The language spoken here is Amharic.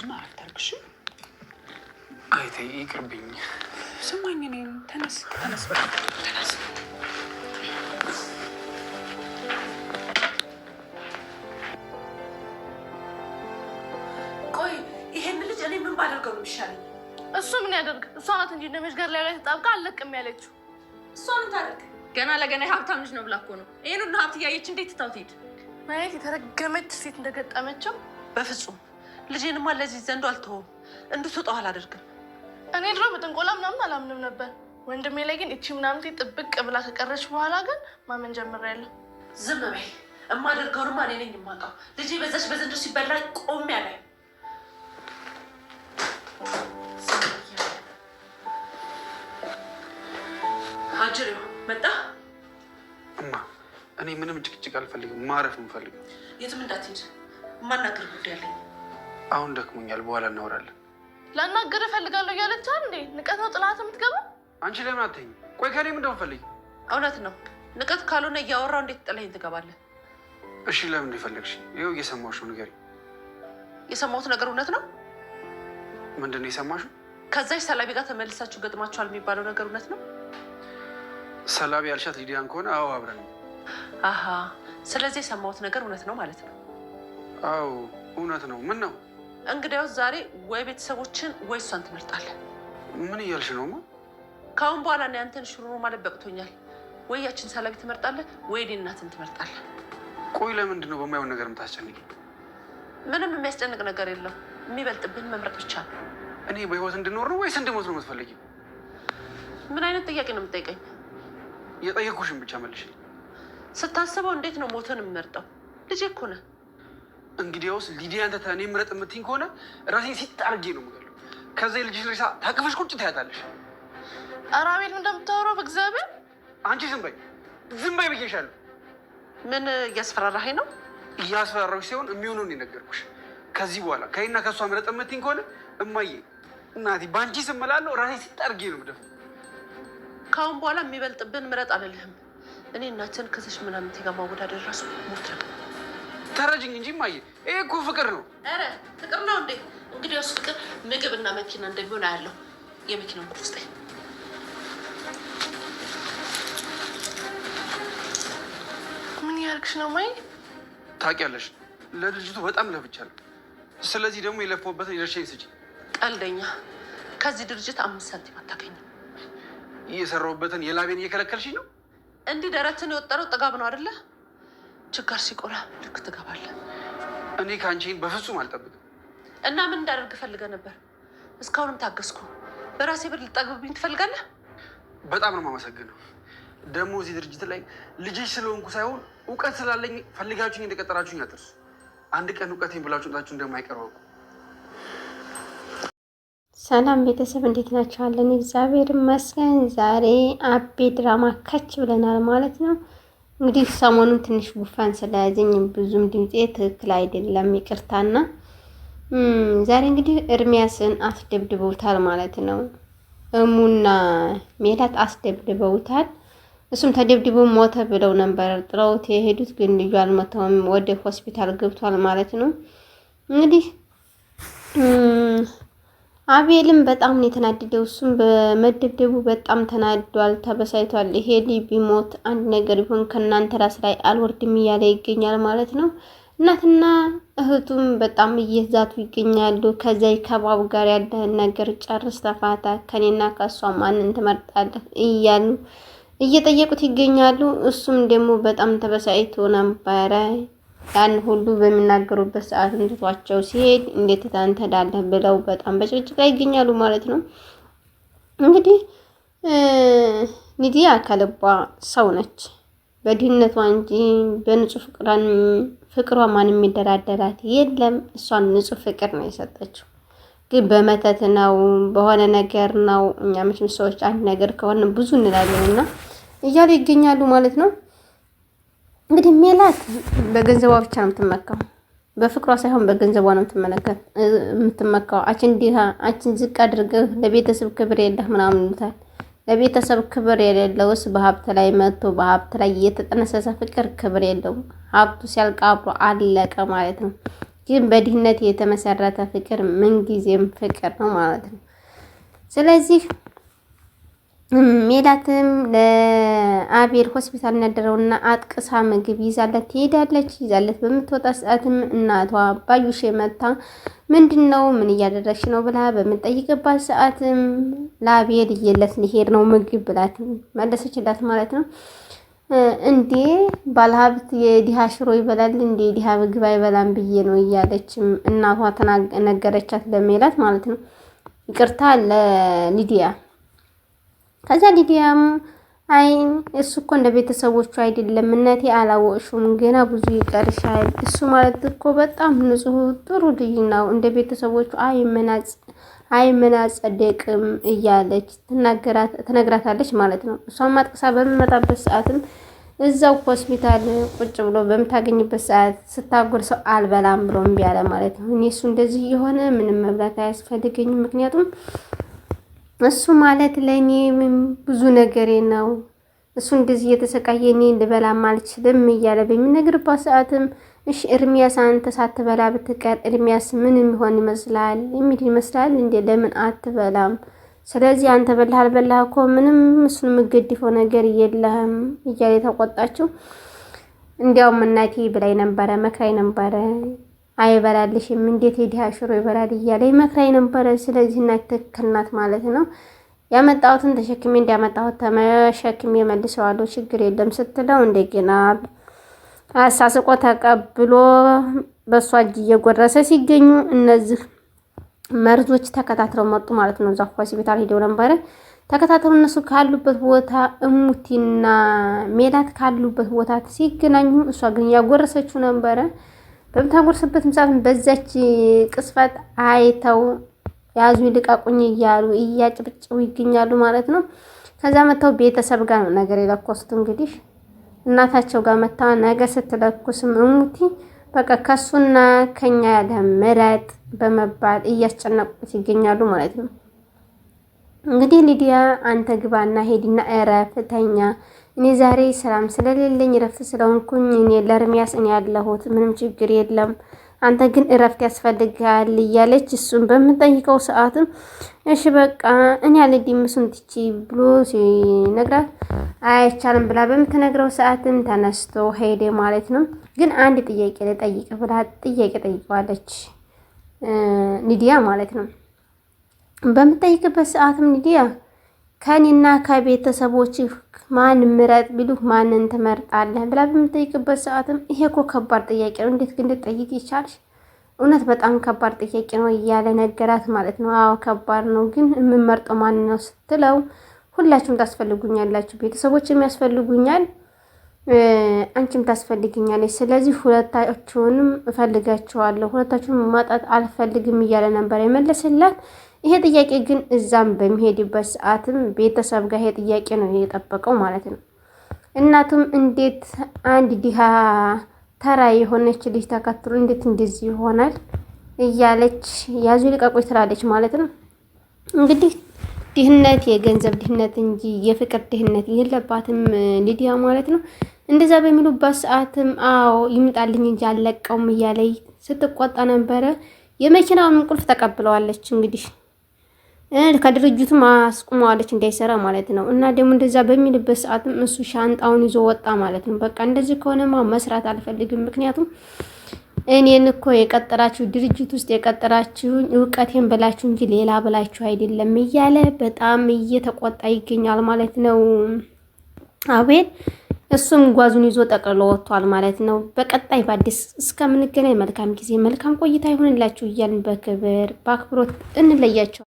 ልጅማ አታርግሽም። አይተ ይቅርብኝ። ስማኝ፣ እኔም ተነስ፣ ተነስ፣ ተነስ። ቆይ ይሄን ልጅ እኔ ምን ባደርገው ነው የሚሻለኝ? እሱ ምን ያደርግ? እሷ ናት እንጂ እንደመሽገር ላይ ላይ ተጣብቃ አለቅም ያለችው እሷ ምን ታደርግ? ገና ለገና የሀብታም ልጅ ነው ብላ እኮ ነው ይህን ሁሉ ሀብት እያየች እንዴት ትታው ትሄድ? ማየት የተረገመች ሴት እንደገጠመችው በፍጹም ልጄንማ ለዚህ ዘንዶ አልተውም፣ እንድትወጣው አላደርግም። እኔ ድሮ በጥንቆላ ምናምን አላምንም ነበር። ወንድሜ ላይ ግን እቺ ምናምንቴ ጥብቅ ብላ ከቀረች በኋላ ግን ማመን ጀምሬያለሁ። ዝም በይ፣ እማደርገውንማ እኔ ነኝ የማውቀው። ልጄ በዛች በዘንዶ ሲበላ ቆም ያለ አጅር መጣ እኔ ምንም ጭቅጭቅ አልፈልግም። ማረፍ እንፈልግ የትም እንዳትሄድ ማናገር ጉዳይ አለኝ። አሁን ደክሞኛል፣ በኋላ እናወራለን። ላናገር እፈልጋለሁ እያለች እንዴ! ንቀት ነው ጥላት የምትገባ አንቺ ለምን አትኝ? ቆይ ከኔ ምንድን ነው እውነት ነው ንቀት ካልሆነ እያወራው እንዴት ጥለኝ ትገባለህ? እሺ ለምን ይፈልግሽ? ይኸው እየሰማሁሽ ነው፣ ንገሪኝ። የሰማሁት ነገር እውነት ነው? ምንድን ነው የሰማሽው? ከዛች ሰላቢ ጋር ተመልሳችሁ ገጥማችኋል የሚባለው ነገር እውነት ነው? ሰላቢ ያልሻት ሊዲያን ከሆነ አዎ፣ አብረን አሀ። ስለዚህ የሰማሁት ነገር እውነት ነው ማለት ነው? አዎ እውነት ነው። ምን ነው እንግዲያውስ ዛሬ ወይ ቤተሰቦችን ወይ እሷን ትመርጣለህ። ምን እያልሽ ነው? ከአሁን በኋላ ነው ያንተን ሽሩሩ ማለት በቅቶኛል። ወይ ያችን ሰላቢ ትመርጣለህ ወይ እኔ እናትን ትመርጣለህ። ቆይ ለምንድን ነው በማይሆን ነገር የምታስጨንቅ? ምንም የሚያስጨንቅ ነገር የለም። የሚበልጥብን መምረጥ ብቻ ነው። እኔ በህይወት እንድኖር ነው ወይስ እንድሞት ነው የምትፈልጊው? ምን አይነት ጥያቄ ነው የምጠይቀኝ? የጠየኩሽን ብቻ መልሽ። ስታስበው እንዴት ነው ሞትን የምመርጠው? ልጄ እኮ ነህ። እንግዲያውስ ሊዲያ ተተህ እኔ ምረጥ የምትይኝ ከሆነ ራሴን ሲጥ አድርጌ ነው የምገለው። ከዛ ልጅ ሬሳ ታቅፈሽ ቁጭ ታያታለሽ። ኧረ አቤል እንደምታወራው በእግዚአብሔር አንቺ ዝም በይ ዝም በይ ብዬሻለሁ። ምን እያስፈራራኸኝ ነው? እያስፈራራሁሽ ሲሆን የሚሆነውን የነገርኩሽ። ከዚህ በኋላ ከይና ከእሷ ምረጥ የምትይኝ ከሆነ እማዬ እናቴ በአንቺ ስም እላለሁ። ራሴን ሲጥ አድርጌ ነው የምደፋው። ከአሁን በኋላ የሚበልጥብን ምረጥ አልልህም። እኔ እናትን ከዚች ምናምን ጋር ማወዳደር ራሱ ሞት ነው። ተረጅኝ እንጂ ማየ፣ ይህ እኮ ፍቅር ነው። ኧረ ፍቅር ነው እንዴ! እንግዲህ ያው ፍቅር ምግብ እና መኪና እንደሚሆን አያለው። የመኪናው ውስጥ ምን ያርግሽ ነው ማይ? ታውቂያለሽ፣ ለድርጅቱ በጣም ለፍቻለሁ። ስለዚህ ደግሞ የለፋሁበትን የደርሻ ስጪኝ። ቀልደኛ፣ ከዚህ ድርጅት አምስት ሳንቲም አታገኝም። እየሰራሁበትን የላቤን እየከለከልሽኝ ነው። እንዲህ ደረትን የወጠረው ጥጋብ ነው አይደለ? ችጋር ሲቆላ ልክ ትገባለህ። እኔ ከአንቺን በፍጹም አልጠብቅም። እና ምን እንዳደርግ ፈልገ ነበር? እስካሁንም ታገስኩ። በራሴ ብር ልጠግብብኝ ትፈልጋለህ? በጣም ነው የማመሰግነው። ደግሞ እዚህ ድርጅት ላይ ልጅሽ ስለሆንኩ ሳይሆን እውቀት ስላለኝ ፈልጋችሁኝ እንደቀጠራችሁኝ አትርሱ። አንድ ቀን እውቀቴን ብላችሁ ጣችሁ እንደማይቀር አውቁ። ሰላም ቤተሰብ እንዴት ናቸዋለን? እግዚአብሔር ይመስገን ዛሬ አቤ ድራማ ከች ብለናል ማለት ነው። እንግዲህ ሰሞኑን ትንሽ ጉፋን ስለያዘኝ ብዙም ድምፄ ትክክል አይደለም፣ ይቅርታና ዛሬ እንግዲህ እርሚያስን አስደብድበውታል ማለት ነው። እሙና ሜላት አስደብድበውታል። እሱም ተደብድቦ ሞተ ብለው ነበር ጥለውት የሄዱት፣ ግን ልጁ አልሞተውም፣ ወደ ሆስፒታል ገብቷል ማለት ነው እንግዲህ አቤልም በጣም ነው የተናደደው። እሱም በመደብደቡ በጣም ተናዷል፣ ተበሳይቷል። ይሄ ልጅ ቢሞት አንድ ነገር ቢሆን ከእናንተ ራስ ላይ አልወርድም እያለ ይገኛል ማለት ነው። እናትና እህቱም በጣም እየዛቱ ይገኛሉ። ከዛ ከባቡ ጋር ያለህን ነገር ጨርስ፣ ተፋታ፣ ከኔና ከእሷ ማንን ትመርጣለህ እያሉ እየጠየቁት ይገኛሉ። እሱም ደግሞ በጣም ተበሳይቶ ነበረ። ያን ሁሉ በሚናገሩበት ሰዓት እንትቷቸው ሲሄድ እንዴት ታንተ ዳለህ ብለው በጣም በጭቅጭቅ ላይ ይገኛሉ ማለት ነው። እንግዲህ ሊዲያ ከልቧ ሰው ነች። በድህነቷ እንጂ በንጹህ ፍቅሯን ፍቅሯ ማን የሚደራደራት የለም። እሷን ንጹህ ፍቅር ነው የሰጠችው። ግን በመተት ነው በሆነ ነገር ነው። እኛ መቼም ሰዎች አንድ ነገር ከሆነ ብዙ እንላለን እና እያለ ይገኛሉ ማለት ነው። እንግዲህ ሜላት በገንዘቧ ብቻ ነው የምትመካው፣ በፍቅሯ ሳይሆን በገንዘቧ ነው የምትመካው። አችን ዲሃ አችን ዝቅ አድርገህ ለቤተሰብ ክብር የለህ ምናምን ይሉታል። ለቤተሰብ ክብር የሌለውስ በሀብት ላይ መጥቶ በሀብት ላይ የተጠነሰሰ ፍቅር ክብር የለውም። ሀብቱ ሲያልቃብሮ አለቀ ማለት ነው። ግን በድህነት የተመሰረተ ፍቅር ምንጊዜም ፍቅር ነው ማለት ነው። ስለዚህ ሜላትም ለአቤል ሆስፒታል ነደረውና አጥቅሳ ምግብ ይዛለት ትሄዳለች። ይዛለት በምትወጣ ሰዓትም እናቷ ባዩሽ መታ ምንድን ነው ምን እያደረግሽ ነው ብላ በምንጠይቅባት ሰዓትም ለአቤል እየለት ሊሄድ ነው ምግብ ብላት መለሰችላት ማለት ነው። እንዴ ባለሀብት የዲሃ ሽሮ ይበላል እንዴ ዲሃ ምግብ አይበላም ብዬ ነው እያለችም እናቷ ነገረቻት ለሜላት ማለት ነው። ይቅርታ ለሊዲያ ከዛ ሊዲያም አይ እሱ እኮ እንደ ቤተሰቦቹ አይደለም፣ እናቴ አላወቅሹም፣ ገና ብዙ ይቀርሻል። እሱ ማለት እኮ በጣም ንጹህ ጥሩ ልጅ ነው፣ እንደ ቤተሰቦቹ አይመናጸደቅም እያለች ትነግራታለች ማለት ነው። እሷም አጥቅሳ በምመጣበት ሰዓትም እዛው ሆስፒታል ቁጭ ብሎ በምታገኝበት ሰዓት ስታጎር ሰው አልበላም ብሎ እምቢ አለ ማለት ነው። እኔ እሱ እንደዚህ የሆነ ምንም መብላት አያስፈልገኝም፣ ምክንያቱም እሱ ማለት ለእኔ ብዙ ነገሬ ነው። እሱ እንደዚህ እየተሰቃየ እኔ ልበላም አልችልም እያለ በሚነግርባት ሰዓትም እሺ እርሚያስ አንተ ሳትበላ ብትቀር እርሚያስ ምን የሚሆን ይመስላል የሚል ይመስላል እንዴ? ለምን አትበላም? ስለዚህ አንተ በላህ አልበላህ እኮ ምንም እሱን የምገድፈው ነገር የለህም እያለ የተቆጣችው እንዲያውም እናቴ ብላይ ነበረ መክራይ ነበረ አይበላልሽም እንዴት የድሃ ሽሮ ይበላል እያለ መክራይ ነበረ። ስለዚህ እና ትክክል ናት ማለት ነው። ያመጣሁትን ተሸክሜ እንዲያመጣሁት ተመሸክሜ መልሰዋለሁ ችግር የለም ስትለው እንደገና አሳስቆ ተቀብሎ በእሷ እጅ እየጎረሰ ሲገኙ እነዚህ መርዞች ተከታትለው መጡ ማለት ነው። እዛ ሆስፒታል ሄደው ነበረ ተከታተሉ። እነሱ ካሉበት ቦታ እሙቲና ሜላት ካሉበት ቦታ ሲገናኙ እሷ ግን ያጎረሰችው ነበረ። በምታጎርስበት ምሳት በዛች ቅስፈት አይተው ያዙ ይልቀቁኝ እያሉ እያጭብጭቡ ይገኛሉ ማለት ነው። ከዛ መጥተው ቤተሰብ ጋር ነው ነገር የለኮሱት። እንግዲህ እናታቸው ጋር መታ ነገ ስትለኩስም እሙቲ በቃ ከሱና ከኛ ያለ ምረጥ በመባል እያስጨነቁት ይገኛሉ ማለት ነው። እንግዲህ ሊዲያ አንተ ግባና ሄድና እረፍተኛ እኔ ዛሬ ሰላም ስለሌለኝ እረፍት ስለሆንኩኝ እኔ ለእርሚያስ እኔ ያለሁት ምንም ችግር የለም፣ አንተ ግን እረፍት ያስፈልጋል እያለች እሱን በምንጠይቀው ሰዓትም እሺ በቃ እኔ አልሄድም እሱን ትቼ ብሎ ሲነግራት አይቻልም ብላ በምትነግረው ሰዓትም ተነስቶ ሄደ ማለት ነው። ግን አንድ ጥያቄ ልጠይቅ ብላ ጥያቄ ጠይቀዋለች ኒዲያ ማለት ነው። በምትጠይቅበት ሰዓትም ኒዲያ ከኔና ከቤተሰቦች ማን ምረጥ ቢሉ ማንን ትመርጣለህ ብላ በምጠይቅበት ሰዓትም ይሄ እኮ ከባድ ጥያቄ ነው፣ እንዴት ግን ልጠይቅ ይቻልሽ? እውነት በጣም ከባድ ጥያቄ ነው እያለ ነገራት ማለት ነው። አዎ ከባድ ነው፣ ግን የምመርጠው ማን ነው ስትለው ሁላችሁም ታስፈልጉኛላችሁ፣ ቤተሰቦችም ያስፈልጉኛል፣ አንቺም ታስፈልግኛለች። ስለዚህ ሁለታችሁንም እፈልጋችኋለሁ፣ ሁለታችሁንም ማጣት አልፈልግም እያለ ነበር የመለስላት። ይሄ ጥያቄ ግን እዛም በሚሄድበት ሰዓትም ቤተሰብ ጋር ይሄ ጥያቄ ነው የጠበቀው ማለት ነው። እናቱም እንዴት አንድ ድሃ ተራ የሆነች ልጅ ተከትሎ እንዴት እንደዚህ ይሆናል እያለች ያዙ ልቀቆች ትላለች ማለት ነው። እንግዲህ ድህነት የገንዘብ ድህነት እንጂ የፍቅር ድህነት የለባትም ሊዲያ ማለት ነው። እንደዛ በሚሉባት ሰዓትም አዎ ይምጣልኝ እንጂ አለቀውም እያለይ ስትቆጣ ነበረ። የመኪናውን ቁልፍ ተቀብለዋለች እንግዲህ ከድርጅቱ አስቁመዋለች እንዳይሰራ ማለት ነው። እና ደግሞ እንደዛ በሚልበት ሰዓትም እሱ ሻንጣውን ይዞ ወጣ ማለት ነው። በቃ እንደዚህ ከሆነማ መስራት አልፈልግም። ምክንያቱም እኔን እኮ የቀጠራችሁ ድርጅት ውስጥ የቀጠራችሁ እውቀቴን ብላችሁ እንጂ ሌላ ብላችሁ አይደለም እያለ በጣም እየተቆጣ ይገኛል ማለት ነው አቤል። እሱም ጓዙን ይዞ ጠቅልሎ ወጥቷል ማለት ነው። በቀጣይ በአዲስ እስከምንገናኝ መልካም ጊዜ፣ መልካም ቆይታ ይሁንላችሁ እያልን በክብር በአክብሮት እንለያቸው።